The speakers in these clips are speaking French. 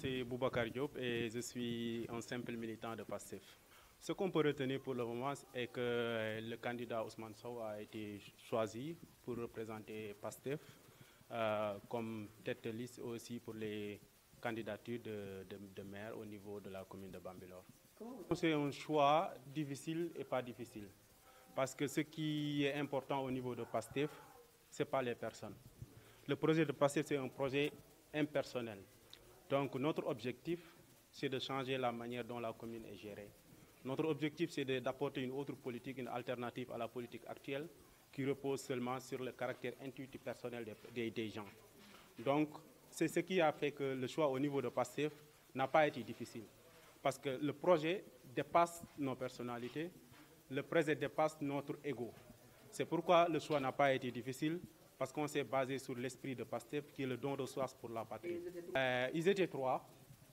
c'est Boubacar Diop et je suis un simple militant de PASTEF. Ce qu'on peut retenir pour le moment c'est que euh, le candidat Ousmane Sow a été choisi pour représenter PASTEF euh, comme tête de liste aussi pour les candidatures de, de, de maire au niveau de la commune de Bambilor. C'est un choix difficile et pas difficile parce que ce qui est important au niveau de PASTEF, ce n'est pas les personnes. Le projet de PASTEF, c'est un projet impersonnel. Donc notre objectif, c'est de changer la manière dont la commune est gérée. Notre objectif, c'est d'apporter une autre politique, une alternative à la politique actuelle qui repose seulement sur le caractère intuitif personnel des, gens. Donc, c'est ce qui a fait que le choix au niveau de PASSEF n'a pas été difficile. Parce que le projet dépasse nos personnalités, le projet dépasse notre ego. C'est pourquoi le choix n'a pas été difficile parce qu'on s'est basé sur l'esprit de Pastef, qui est le don de soi pour la patrie. Euh, ils étaient trois.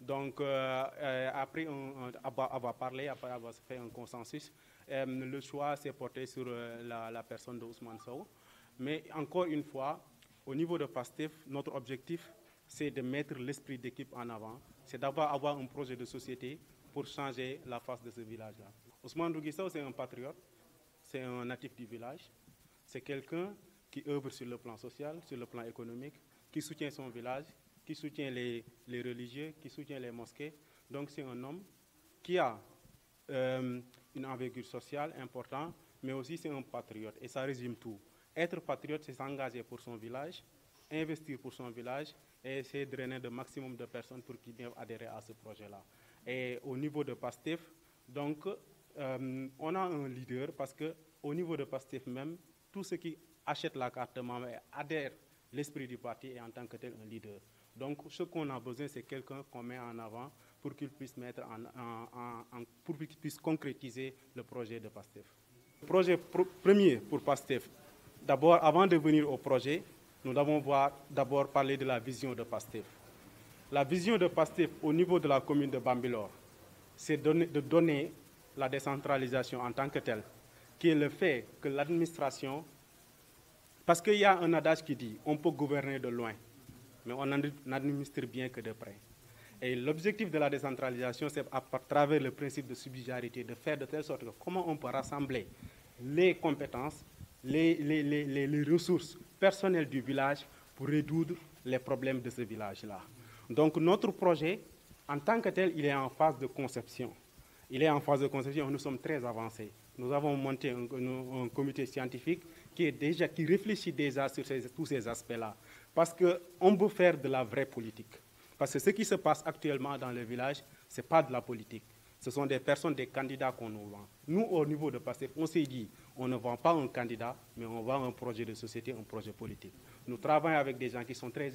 Donc, euh, euh, après avoir parlé, après avoir fait un consensus, le choix s'est porté sur la, personne d'Ousmane Sow. Mais encore une fois, au niveau de PASTEF, notre objectif, c'est de mettre l'esprit d'équipe en avant. C'est d'avoir un projet de société pour changer la face de ce village-là. Ousmane Dougissao, c'est un patriote, c'est un natif du village. C'est quelqu'un qui œuvre sur le plan social, sur le plan économique, qui soutient son village, qui soutient les, religieux, qui soutient les mosquées. Donc c'est un homme qui a euh, une envergure sociale importante, mais aussi c'est un patriote. Et ça résume tout. Être patriote, c'est s'engager pour son village, investir pour son village et essayer de drainer le maximum de personnes pour qu'ils viennent adhérer à ce projet-là. Et au niveau de PASTEF, donc, euh, on a un leader parce que au niveau de PASTEF même, tout ce qui achète la carte adhère l'esprit du parti et en tant que tel un leader. Donc ce qu'on a besoin, c'est quelqu'un qu'on met en avant pour qu'il puisse, mettre en, pour qu'il puisse concrétiser le projet de PASTEF. Le projet premier pour PASTEF, d'abord avant de venir au projet, nous devons voir d'abord parler de la vision de PASTEF. La vision de PASTEF au niveau de la commune de Bambilor, c'est de donner la décentralisation en tant que telle, qui est le fait que l'administration parce qu'il y a un adage qui dit on peut gouverner de loin, mais on n'administre bien que de près. Et l'objectif de la décentralisation, c'est à travers le principe de subsidiarité, de faire de telle sorte que comment on peut rassembler les compétences, les, ressources personnelles du village pour résoudre les problèmes de ce village-là. Donc notre projet, en tant que tel, il est en phase de conception. Il est en phase de conception, nous sommes très avancés. Nous avons monté un, un comité scientifique qui, déjà, qui réfléchit déjà sur tous ces aspects-là. Parce qu'on veut faire de la vraie politique. Parce que ce qui se passe actuellement dans le village, ce n'est pas de la politique. Ce sont des personnes, des candidats qu'on nous vend. Nous, au niveau de PASSEF, on s'est dit, on ne vend pas un candidat, mais on vend un projet de société, un projet politique. Nous travaillons avec des gens qui sont très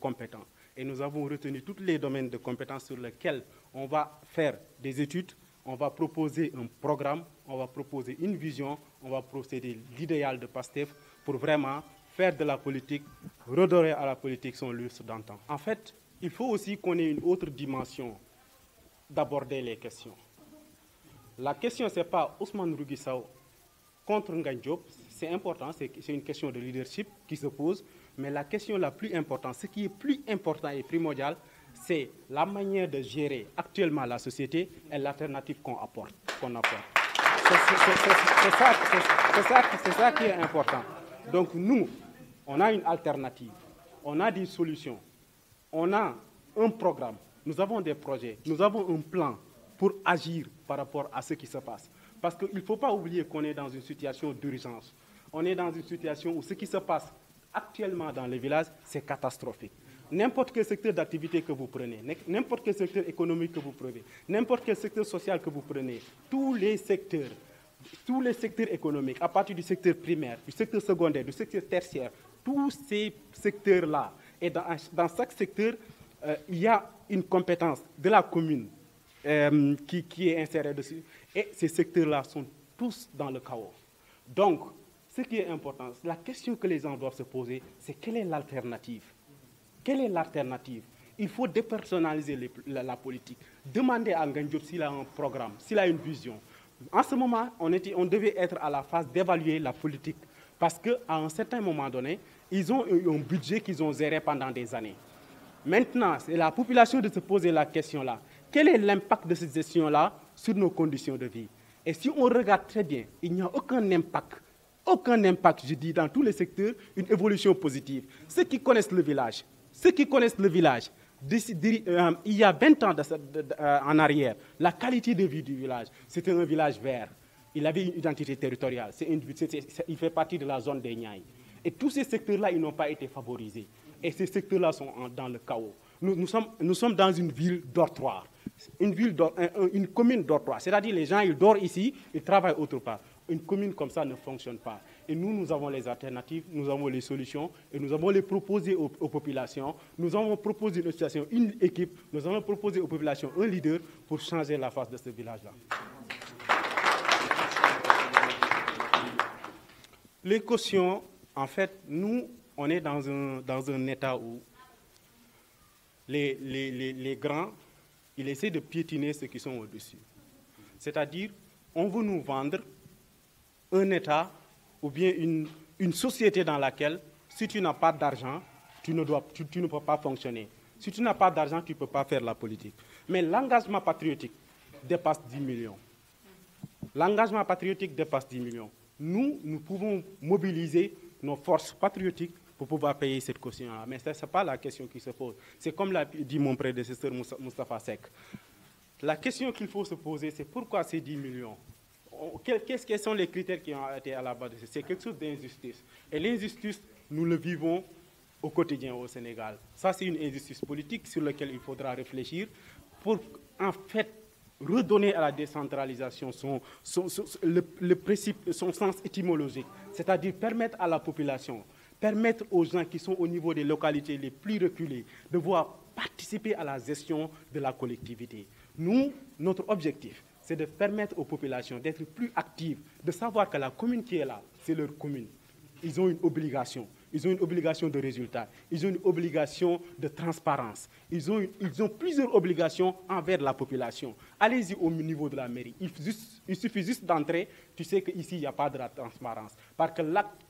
compétents. Et nous avons retenu tous les domaines de compétences sur lesquels on va faire des études, on va proposer un programme, on va proposer une vision, on va procéder l'idéal de PASTEF pour vraiment faire de la politique, redorer à la politique son lustre d'antan. En fait, il faut aussi qu'on ait une autre dimension d'aborder les questions. La question, ce n'est pas Ousmane Rougissau contre Nganjob, c'est important, c'est une question de leadership qui se pose, mais la question la plus importante, ce qui est plus important et primordial, c'est la manière de gérer actuellement la société et l'alternative qu'on apporte. apporte. C'est ça, ça qui est important. Donc nous, on a une alternative, on a des solutions, on a un programme, nous avons des projets, nous avons un plan pour agir par rapport à ce qui se passe. Parce qu'il ne faut pas oublier qu'on est dans une situation d'urgence. On est dans une situation où ce qui se passe actuellement dans les villages, c'est catastrophique n'importe quel secteur d'activité que vous prenez, n'importe quel secteur économique que vous prenez, n'importe quel secteur social que vous prenez, tous les secteurs, tous les secteurs économiques, à partir du secteur primaire, du secteur secondaire, du secteur tertiaire, tous ces secteurs-là, et dans, chaque secteur, euh, il y a une compétence de la commune euh, qui, qui est insérée dessus, et ces secteurs-là sont tous dans le chaos. Donc, ce qui est important, la question que les gens doivent se poser, c'est quelle est l'alternative quelle est l'alternative Il faut dépersonnaliser la, politique. Demander à Nganjob s'il a un programme, s'il a une vision. En ce moment, on, était, on devait être à la phase d'évaluer la politique. Parce qu'à un certain moment donné, ils ont eu un budget qu'ils ont zéré pendant des années. Maintenant, c'est la population de se poser la question-là. Quel est l'impact de cette gestion-là sur nos conditions de vie Et si on regarde très bien, il n'y a aucun impact aucun impact, je dis, dans tous les secteurs, une évolution positive. Ceux qui connaissent le village, ceux qui connaissent le village, euh, il y a 20 ans euh, en arrière, la qualité de vie du village, c'était un village vert. Il avait une identité territoriale. il fait partie de la zone des Niaï. Et tous ces secteurs-là, ils n'ont pas été favorisés. Et ces secteurs-là sont dans le chaos. Nous, sommes, dans une ville dortoir, une, ville une commune dortoir. C'est-à-dire les gens, ils dorment ici, ils travaillent autre part. Une commune comme ça ne fonctionne pas. Et nous, nous avons les alternatives, nous avons les solutions et nous avons les proposer aux, populations. Nous avons proposé une situation, une équipe, nous avons proposé aux populations un leader pour changer la face de ce village-là. Les cautions, en fait, nous, on est dans un, dans un état où les, les, les grands, ils essaient de piétiner ceux qui sont au-dessus. C'est-à-dire, on veut nous vendre un état ou bien une, société dans laquelle, si tu n'as pas d'argent, tu ne, peux pas fonctionner. Si tu n'as pas d'argent, tu ne peux pas faire la politique. Mais l'engagement patriotique dépasse 10 millions. L'engagement patriotique dépasse 10 millions. Nous, nous pouvons mobiliser nos forces patriotiques pour pouvoir payer cette caution-là. Mais ce n'est pas la question qui se pose. C'est comme l'a dit mon prédécesseur Moustapha Sek. La question qu'il faut se poser, c'est pourquoi ces 10 millions Oh, Quels sont les critères qui ont été à la base de ça C'est quelque chose d'injustice. Et l'injustice, nous le vivons au quotidien au Sénégal. Ça, c'est une injustice politique sur laquelle il faudra réfléchir pour, en fait, redonner à la décentralisation son, le, principe, son sens étymologique, c'est-à-dire permettre à la population, permettre aux gens qui sont au niveau des localités les plus reculées de voir participer à la gestion de la collectivité. Nous, notre objectif, c'est de permettre aux populations d'être plus actives, de savoir que la commune qui est là, c'est leur commune. Ils ont une obligation. Ils ont une obligation de résultat. Ils ont une obligation de transparence. Ils ont, ils ont plusieurs obligations envers la population. Allez-y au niveau de la mairie. Il, il suffit juste d'entrer. Tu sais qu'ici, il n'y a pas de la transparence. Parce que l'acte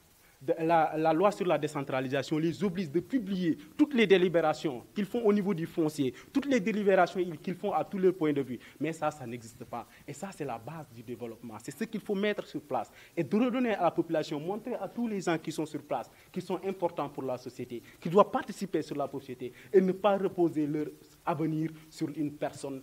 la, loi sur la décentralisation les oblige de publier toutes les délibérations qu'ils font au niveau du foncier, toutes les délibérations qu'ils font à tous les points de vue. Mais ça, ça n'existe pas. Et ça, c'est la base du développement. C'est ce qu'il faut mettre sur place et de redonner à la population, montrer à tous les gens qui sont sur place, qui sont importants pour la société, qui doivent participer sur la société et ne pas reposer leur avenir sur une personne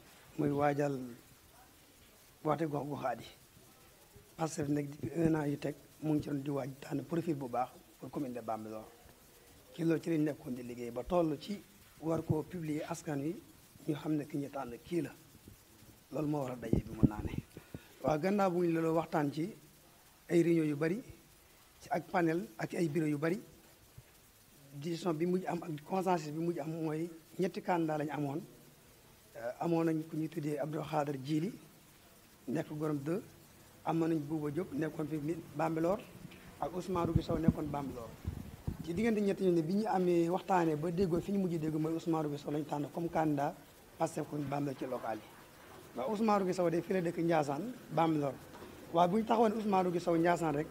muy waajal woote gox goxaat yi parce que nag depuis teg mu ngi ci doon di waaj tànn profit bu baax pour commune de Bambilor kii loolu ci lañ nekkoon di liggéey ba toll ci war koo publier askan wi ñu xam ne ki ñu tànn kii la loolu moo war a daje bi mën naa ne waaw gannaaw bu ñu loolu waxtaan ci ay réunion yu bari ci ak panel ak ay bureau yu bari décision bi mujj am ak consensus bi mujj am mooy ñetti candidat lañu amoon Eh, amoon nañ ku ñuy tuddee Abdou Khader Djili nekk Gorom 2 amoon nañ Bouba Diop nekkoon fi Bambilor ak Ousmane Rougui Sow nekkoon Bambilor ci diggante ñetti ñu ne bi ñu amee waxtaanee ba déggoo fi ñu mujj dégg mooy Ousmane Rougui Sow lañ tànn comme candidat Pastef comme Bambilor ci local yi waaw Ousmane Rougui Sow de fi la dëkk Ndiassane Bambilor waaye bu ñu taxawoon Ousmane Rougui Sow Ndiassane rek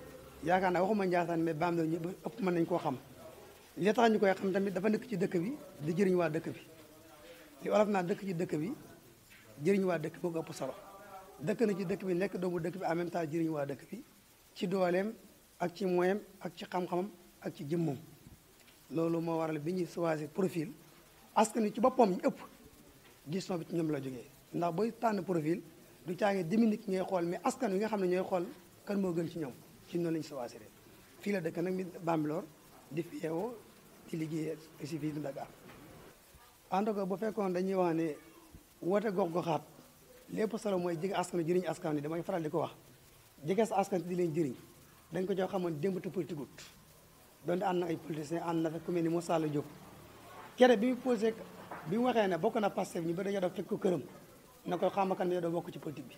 yaakaar naa waxuma Ndiassane mais Bambilor ñëpp ëpp mën nañ koo xam li tax ñu koy xam tamit dafa nekk ci dëkk bi di jëriñ waa dëkk bi li wolof naa dëkk ci dëkk bi jëriñ waa dëkk bi moo ëpp solo dëkk na ci dëkk bi nekk doomu dëkk bi en même temps jëriñ waa dëkk bi ci dooleem ak ci moyem ak ci xam-xamam ak ci jëmmam loolu moo waral bi ñuy choisir profil askan wi ci boppam ñu ëpp décision bi ci ñoom la jógee ndax booy tànn profil du caage diminique ngay xool mais askan wi nga xam ne ñooy xool kan moo gën ci ñoom ci noonu lañu choisir fii la dëkk nag mi Bambilor di fi yeewoo di liggéey si fii Dakar en tout cas bu fekkoon dañuy wax ne woote gox goxaat lépp solo mooy jege askan jëriñ askan wi damay faral di ko wax jege sa askan di leen jëriñ dañ ko jox xamoon démb te politique ut donte na ay politiciens ànd na fekk ku mel ni jóg kere bi mu posé bi waxee ne bokk na Pastef ñu ba dañoo def fekk ko këram na ko xamakan ne doo bokk ci politique bi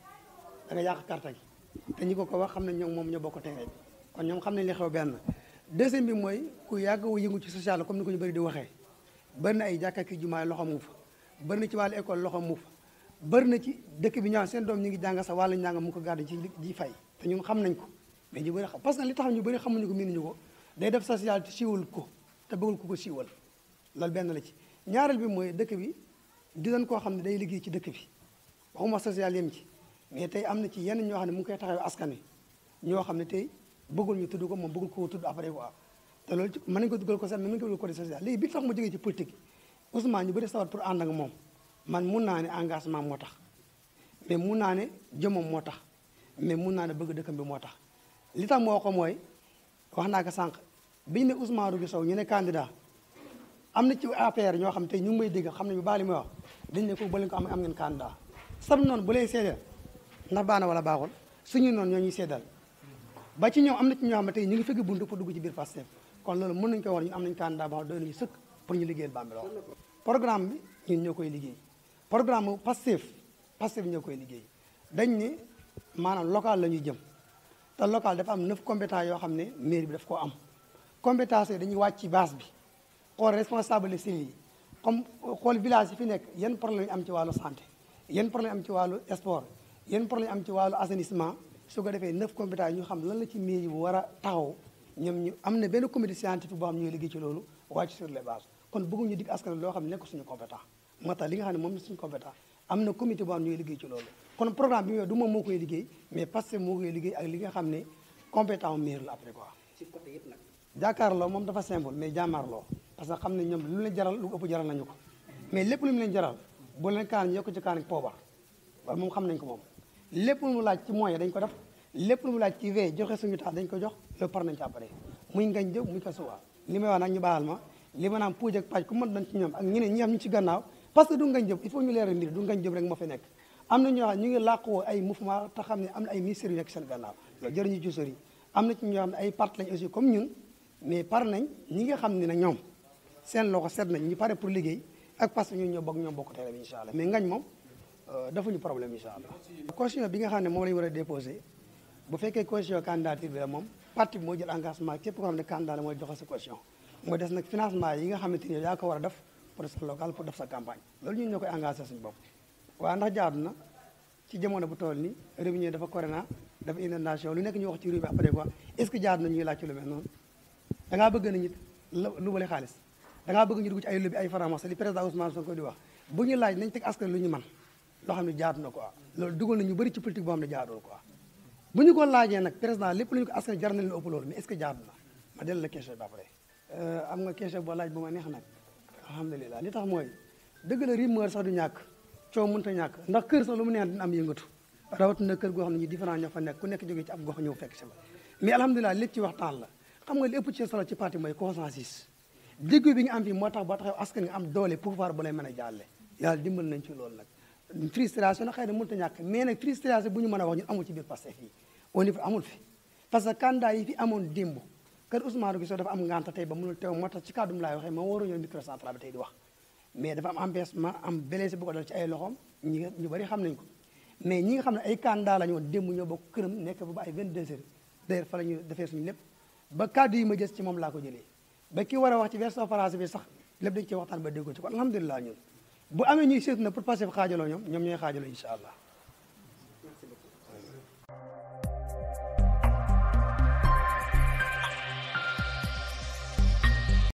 da nga yàq carte gi te ñi ko ko wax xam ne ñoom moom ñoo bokk terrain bi kon ñoom xam nañ li xew benn deuxième bi mooy ku yàgg wu yëngu ci social comme ni ko ñu bëri di waxee bari ay jàkka ki jumaa loxo mu fa bari ci wàllu école loxo mu fa na ci dëkk bi ñaa seen doom ñu ngi jàng sa wàllu njàng mu ko gàddu ci di fay te ñun xam nañ ko mais ñu bëri xam parce que li tax ñu bëri xamuñu ko ñu ko day def social te siiwal ko te bëggul ko ko siiwal loolu benn la ci ñaareel bi mooy dëkk bi di doon koo xam ne day liggéey ci dëkk bi waxuma social yem ci mais tey am na ci yenn ñoo xam ne mu ngi koy taxawee askan wi ñoo xam ne tey bëggul ñu tudd ko moom bëggul ko tudd après quoi te loolu ci mën ko dugal ko sax mais mën ko dugal côté social léegi bi tax ma jógee ci politique Ousmane ñu bëri sawar pour ànd ak moom man mun naa ne engagement moo tax mais mun naa ne jëmmam moo tax mais mun naa ne bëgg dëkkam bi moo tax li tax moo ko mooy wax naa ko sànq biñ ne Ousmane Rougui Sow ñu ne candidat am na ci APR ñoo xam te ñu ngi may dégg xam ne bu baax li may wax dañ ne ko ba leen ko am am ngeen candidat sam noonu bu lay seedal ndax baax na wala baaxul suñu noonu ñoo ñuy seedal ba ci ñoom am ñoo xam ne ñu ngi fekk buntu pour dugg ci biir Pastef kon loolu mën nañ koy war ñu am nañ candidat boo xam doy nañu sëkk pour ñu liggéeyal Bambilor bi ñun ñoo koy liggéey programme mu Pastef Pastef ñoo koy liggéey dañ ni maanaam local la ñuy jëm te local dafa am neuf compétence yoo xam ne mairie bi daf ko am compétence yi dañuy wàcc ci base bi xool responsable civil yi comme xool village yi fi nekk yan problème yi am ci wàllu santé yan problème am ci wàllu sport yan problème am ci wàllu assainissement su ko defee neuf compétence ñu xam lan la ci mairie bu war a taxaw ñoom ñu am na benn comité scientifique boo xam ñooy liggéey ci loolu wàcc sur les bases kon bëgguñu dig askan loo xam ne nekk suñu compétent moo tax li nga xam ne moom suñu compétent am na comité boo xam ñooy jàkkaarloo moom dafa simple mais jàmmaarloo parce que xam ne ñoom lu leen jaral lu ëpp jaral nañu ko mais lépp lu mu leen jaral bu leen xam nañ ko moom lépp mu laaj ci moyen dañ ko def lépp lu mu laaj ci vee joxe suñu tax dañ ko jox loolu par nañ ci après muy ngañ jëw muy ko suwa li may wax nag ñu baal ma li ma naam puuj ak paj ku mën dañ ci ñom ak ñine ñi am ñu ci gannaaw parce que du ngañ jëw il faut ñu leeral mbir du ngañ jëw rek moo fi nek amna ñu wax ñu ngi làqoo ay mouvement ta xamni amna ay ministère yu nekk seen gannaaw loolu amna ci ñu am ay part lañ aussi comme ñun mais par nañ ñi nga xamni nak ñom ñoom seen loxo seet nañ ñu paré pour liggéey ak parce que ñun ñoo bokk ñoom bokk teel bi incha allah mais ngañ moom euh, dafuñu problème inshallah allah caution bi nga xam ne lay wara déposer bu fekkee caution candidature bi la moom parti bi moo jël engagement képp koo xam ne candidat mooy joxe sa caution mooy des nag financement yi nga xamante ni yaa ko war a def pour sa local pour def sa campagne loolu ñun ñoo koy engagé suñu bopp waaw ndax jaadu na ci jamono bu toll ni réew mi dafa corona dafa inondation lu nekk ñu wax ci réew mi après quoi est ce que jaadu na ñuy laaj ci lu mel noonu da ngaa bëgg nañu ñu dugg ci ay lobby ay franc-maçon li président Ousmane Sonko laaj nañ teg askan lu ñu man loo xam ne jaadu na quoi loolu dugal na ñu bëri ci politique boo xam ne jaadul quoi bu ñu ko laajee nag président lépp lu ñu ko askan jar na leen ëpp loolu mais est-ce que jaadu na ma dellu la question bi euh, am nga question boo laaj bu ma neex nag alhamdulilah li tax mooy dëgg la rumeur sax du ñàkk coow mënta ñàkk ndax kër sax lu mu neex dina am yëngatu rawatina kër goo xam ne ñu différent ñoo fa nekk ku nekk jógee ci ab gox ñëw fekk si ma mais alhamdulilah lépp ci waxtaan la xam nga li ëpp ci solo ci parti mooy consensus déggu bi nga am fii moo tax boo taxaw askan nga am doole pouvoir bu lay mën a jàlle yàlla dimbal nañ ci loolu nag frustration la xëy na mënut a ñàkk mais nag frustration bu ñu mën a wax ñun amul ci biir Pastef fii au niveau amul fi parce que yi fi amoon démb kër Ousmane Guissou dafa am ngànta tey ba mënul teew moo tax ci kàddum am ay loxoom ñi ñu bëri xam nañ ko nekk fa ba ay 22 heures d'ailleurs suñu lépp ba kàddu yi ma jës ci moom laa ko jëlee ba ki war a wax ci version français bi sax lépp dañ ci waxtaan ba déggoo ci ko alhamdulilah ñun bu amee ñuy seet na pour Pastef xaajaloo ñoom ñoom ñooy xaajaloo incha allah